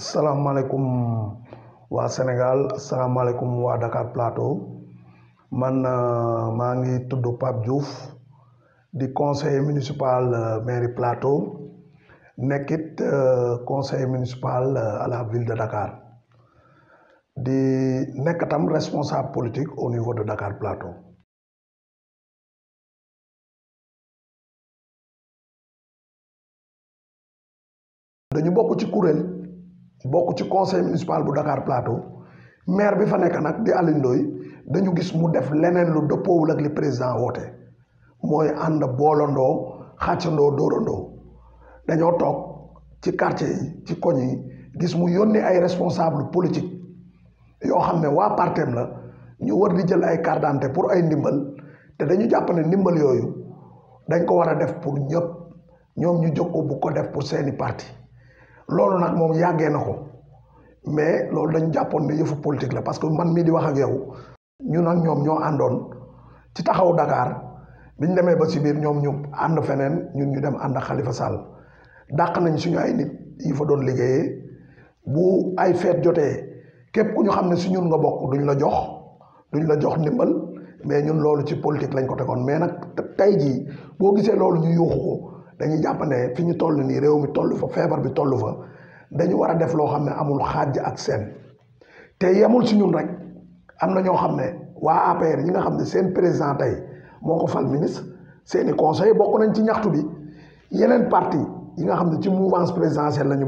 asalaamaaleykum waa Sénégal asalaamaaleykum waa Dakar Plateau man euh, maa ngi tudd Pape Diouf di conseiller municipal euh, mairie Plateau nekkit euh, conseiller municipal à la ville de Dakar di nekk tam responsable politique au niveau de Dakar Plateau. dañu bokk ci kuréel. bokk ci conseil municipal bu Dakar Plateau maire bi fa nekk nag di Alioune Ndoye dañu gis mu def leneen lu dëppoowul ak li président woote mooy ànd boolandoo xàccandoo dóorandoo dañoo toog ci quartier yi ci koñ yi gis mu yónni ay responsable politique yoo xam ne waa partem la ñu war di jël ay carte pour ay ndimbal te dañu jàpp ne ndimbal yooyu dañ ko war a def pour ñëpp ñoom ñu jóg ko bu ko def pour seeni parti loolu nag moom yàggee na ko mais loolu dañ jàppoon ne yëfu politique la parce que man mii di wax a yow ñun nag ñoom ñoo àndoon ci taxaw Dakar biñ demee ba si biir ñoom ñu ànd feneen ñun ñu dem ànd ak Khalifa Sall dàq nañ suñu ay nit yi fa doon liggéeyee bu ay feet jotee képp ku ñu xam ne si ñun nga bokk duñ la jox duñ la jox ndimbal mais ñun loolu ci politique lañ ko tegoon mais nag tey jii boo gisee loolu ñu yuuxu ko dañuy jàpp ne fi ñu toll nii réew mi toll fa feebar bi tollu fa dañu war a def loo xam ne amul xaaj ak seen te yemul si ñun rek am na ñoo xam ne waa APR ñi nga xam ne seen président tey moo ko fal ministre seeni conseil bokk nañ ci ñaxtu bi yeneen parti yi nga xam ne ci mouvance présidentielle la ñu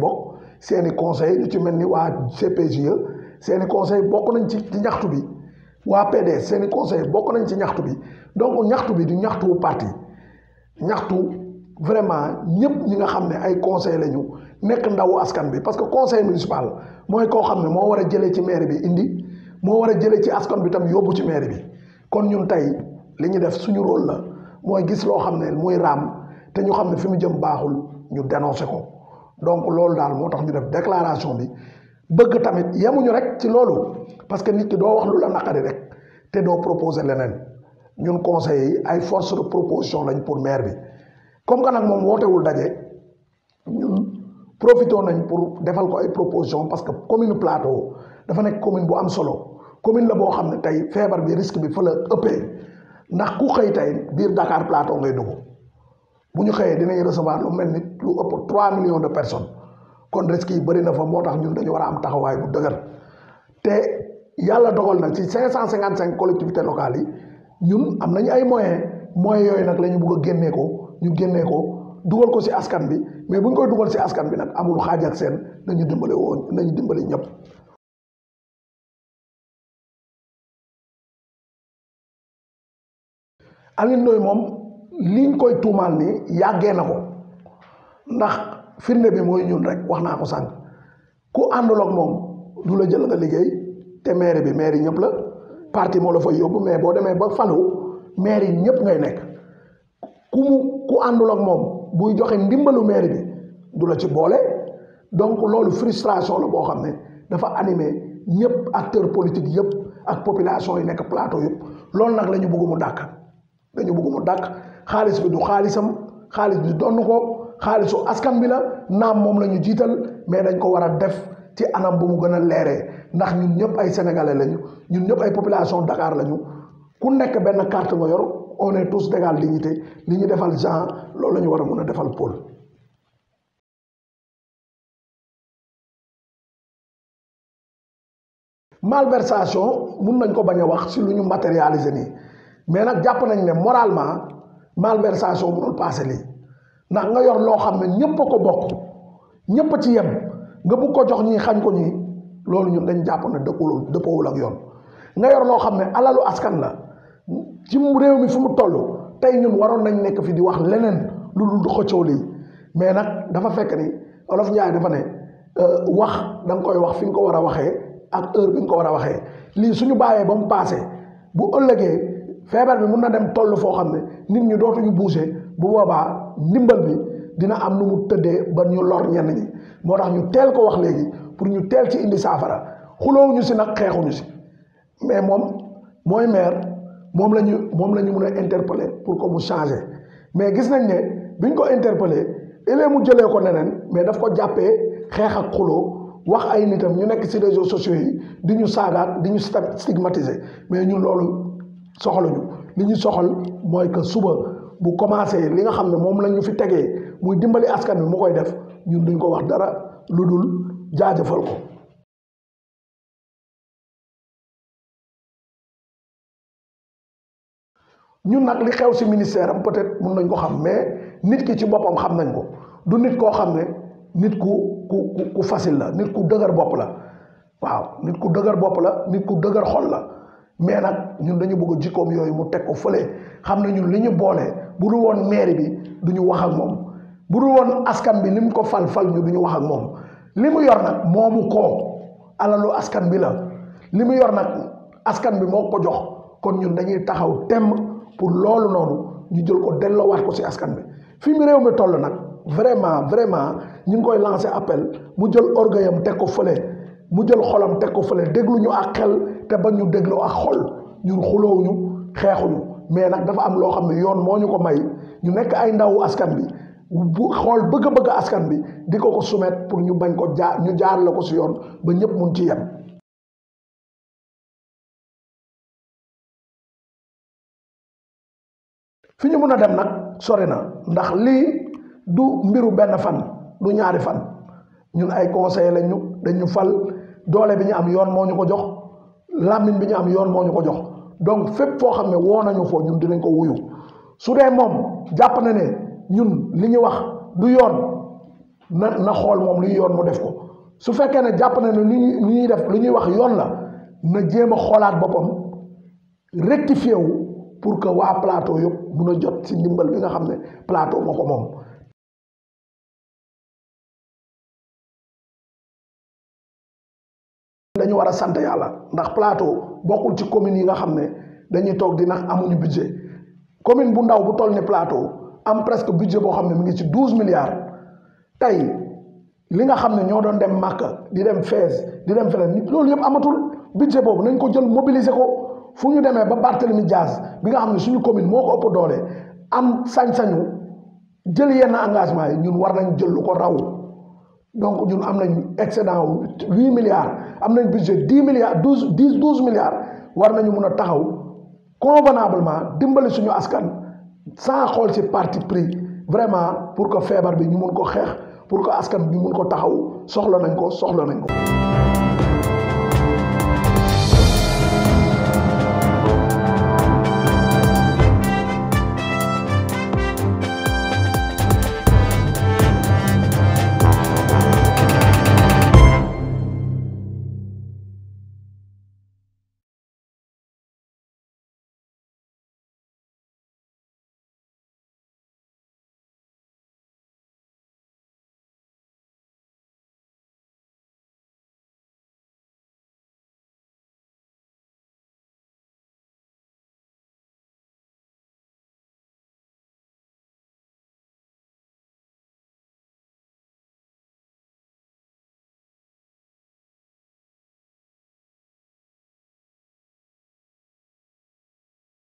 seeni conseil ñu ci mel ni waa CPGE seeni conseil bokk nañ ci ñaxtu bi waa PDS seeni conseil bokk nañ ci ñaxtu bi donc ñaxtu bi du ñaxtuwu parti ñaxtu vraiment ñëpp ñi nga xam ne ay conseil la ñu nekk ndawu askan bi parce que conseil municipal mooy koo xam ne moo war a jëlee ci maire bi indi moo war a jëlee ci askan bi tam yóbbu ci maire bi kon ñun tey li ñu def suñu rôle la moo gis loo xam ne muy raam te ñu xam ne fi mu jëm baaxul ñu dénoncé ko donc loolu daal moo tax ñu def déclaration bi bëgg tamit yemuñu rek ci loolu parce que nit ki doo wax lu la naqari rek te doo proposé leneen ñun conseil yi ay force de lañ pour maire bi comme que nag moom wootewul daje ñun profité nañ pour defal ko ay proposition parce que commune Plateau dafa nekk commune bu am solo commune la boo xam ne tey feebar bi risque bi fa la ëppee ndax ku xëy tey biir Dakar Plateau ngay dugg bu ñu xëyee dinañ recevoir lu mel ni lu ëpp 3 millions de personnes kon risque yi bëri na fa moo tax ñun dañu war a am taxawaay bu dëgër te yàlla dogal na ci 555 collectivités locales yi ñun am nañu ay moyens moyens yooyu nag la bugg a génnee ko. ñu génnee ko dugal ko si askan bi mais bu ñu koy dugal si askan bi nag amul xaaj seen nañu dimbale woon nañu dimbale ñëpp. Alioune Ndoye moom liñ koy tuumaal nii yàggee na ko ndax firnde bi mooy ñun rek wax naa ko sànq ku àndul ak moom du la jël nga liggéey te maire bi maire yi ñëpp la parti moo la fa yóbbu mais boo demee ba falu maire yi ñëpp ngay nekk. ku mu ku àndul ak moom buy joxe ndimbalu maire bi du la ci boole donc loolu frustration la boo xam ne dafa animé ñëpp acteur politique yëpp ak population yi nekk plateau yëpp loolu nag la ñu bëgg mu dàkk dañu bëgg mu dàkk xaalis bi du xaalisam xaalis bi donn ko xaalisu askan bi la naam moom la ñu jiital mais dañ ko war a def ci anam bu mu gën a leeree ndax ñun ñëpp ay sénégalais lañu ñun ñëpp ay population Dakar lañu ku nekk benn carte nga yoru on est tous d'égale dignité li ñu defal Jean loolu la ñu war a mën a defal Paul malversation mun nañ ko bañ a wax si lu ñu matérialiser nii mais nag jàpp nañ ne moralement malversation mënul passé lii ndax nga yor loo xam ne ñépp ko bokk ñépp ci yem nga bugg ko jox ñii xañ ko ñii loolu ñun dañ jàpp na dëppul dëppoowul ak yoon nga yor loo xam ne alalu askan la ci réew mi fu mu toll tey ñun waroon nañ nekk fi di wax leneen lu dul xëccoo lii mais nag dafa fekk ni olof Njaay dafa ne euh, wax danga koy wax fi nga ko war a waxee ak heure bi nga ko war a waxee lii suñu bàyyee ba mu passé bu ëllëgee feebar bi mun na dem toll foo xam ne nit ñi dootuñu bouger bu boobaa ndimbal bi dina am nu mu tëddee ba ñu lor ñenn ñi moo tax ñu teel ko wax léegi pour ñu teel ci indi saafara ñu si nag xeexuñu si mais moom mooy moom la ñu moom la ñu mun a interpeller pour ko mu changé mais gis nañ ne bi ñu ko interpeller ëllëg mu jëlee ko neneen mais daf ko jàppee xeex ak xuloo wax ay nitam ñu nekk ci réseaux sociaux yi di ñu saagaat di ñu stigmatiser mais ñun loolu soxaluñu li ñu soxal mooy que suba bu commencé li nga xam ne moom la ñu fi tegee muy dimbali askan wi mu koy def ñun duñ ko wax dara lu dul jaajëfal ko. ñun nag li xew si ministère am peut-être mun nañ ko xam mais nit ki ci boppam xam nañ ko du nit koo xam ne nit ku ku ku facile la nit ku dëgër bopp la waaw nit ku dëgër bopp la nit ku dëgër xol la mais nag ñun dañu bëgg jikkoom yooyu mu teg ko fële xam ne ñun li ñu boole bu dul woon mairie bi du ñu wax ak moom bu dul woon askan bi li mu ko fal fal ñu du ñu wax ak moom li mu yor nag moomu koo alalu askan bi la li mu yor nag askan bi moo ko jox kon ñun dañuy taxaw temm pour loolu noonu ñu jël ko delloowaat ko si askan bi fii mu réew mi toll nag vraiment vraiment ñu ngi koy lancer appel mu jël orgueilam teg ko fële mu jël xolam teg ko fële déglu ñu ak xel te ba ñu déglu ak xol ñun xuloowu ñu xeexuñu mais nag dafa am loo xam ne yoon moo ñu ko may ñu nekk ay ndawu askan bi bu xool bëgg-bëgg askan bi di ko ko soumettre pour ñu bañ ko jaar ñu jaar la ko si yoon ba ñëpp mun ci yem. fi ñu mun a dem nag sori na ndax lii du mbiru benn fan du ñaari fan ñun ay conseil lañ ñu dañu fal doole bi ñu am yoon moo ñu ko jox làmmiñ bi ñu am yoon moo ñu ko jox donc fépp foo xam ne woo nañu foo ñun dinañ ko wuyu su dee moom jàpp na ne ñun li ñuy wax du yoon na na xool moom li yoon mu def ko su fekkee ne jàpp na ne lu ñuy lu ñuy def lu ñuy wax yoon la na jéem a xoolaat boppam rectifié pour que waa plateau yëpp mun a jot ci ndimbal bi nga xam ne plateau moo ko moom dañu war a sant yàlla ndax plateau bokkul ci communes yi nga xam ne dañuy toog di amuñu budget commune bu ndaw bu toll ni plateau am presque budget boo xam ne mu ngi ci douze milliards tey li nga xam ne ñoo doon dem Màkka di dem Fès di dem feneen loolu yëpp amatul budget boobu nañ ko jël mobiliser ko fu ñu demee ba mi Dias bi nga xam ne suñu commune moo ko ëpp doole am sañ-sañu jël yenn engagement yi ñun war nañ jël lu ko raw donc ñun am nañ excédent wu huit milliards am nañ budget dix milliards douze dix douze milliards war nañu mun a taxaw convenablement dimbali suñu askan sans xool ci parti pris vraiment pour que feebar bi ñu mun ko xeex pour que askan bi ñu mun ko taxaw soxla nañ ko soxla nañ ko.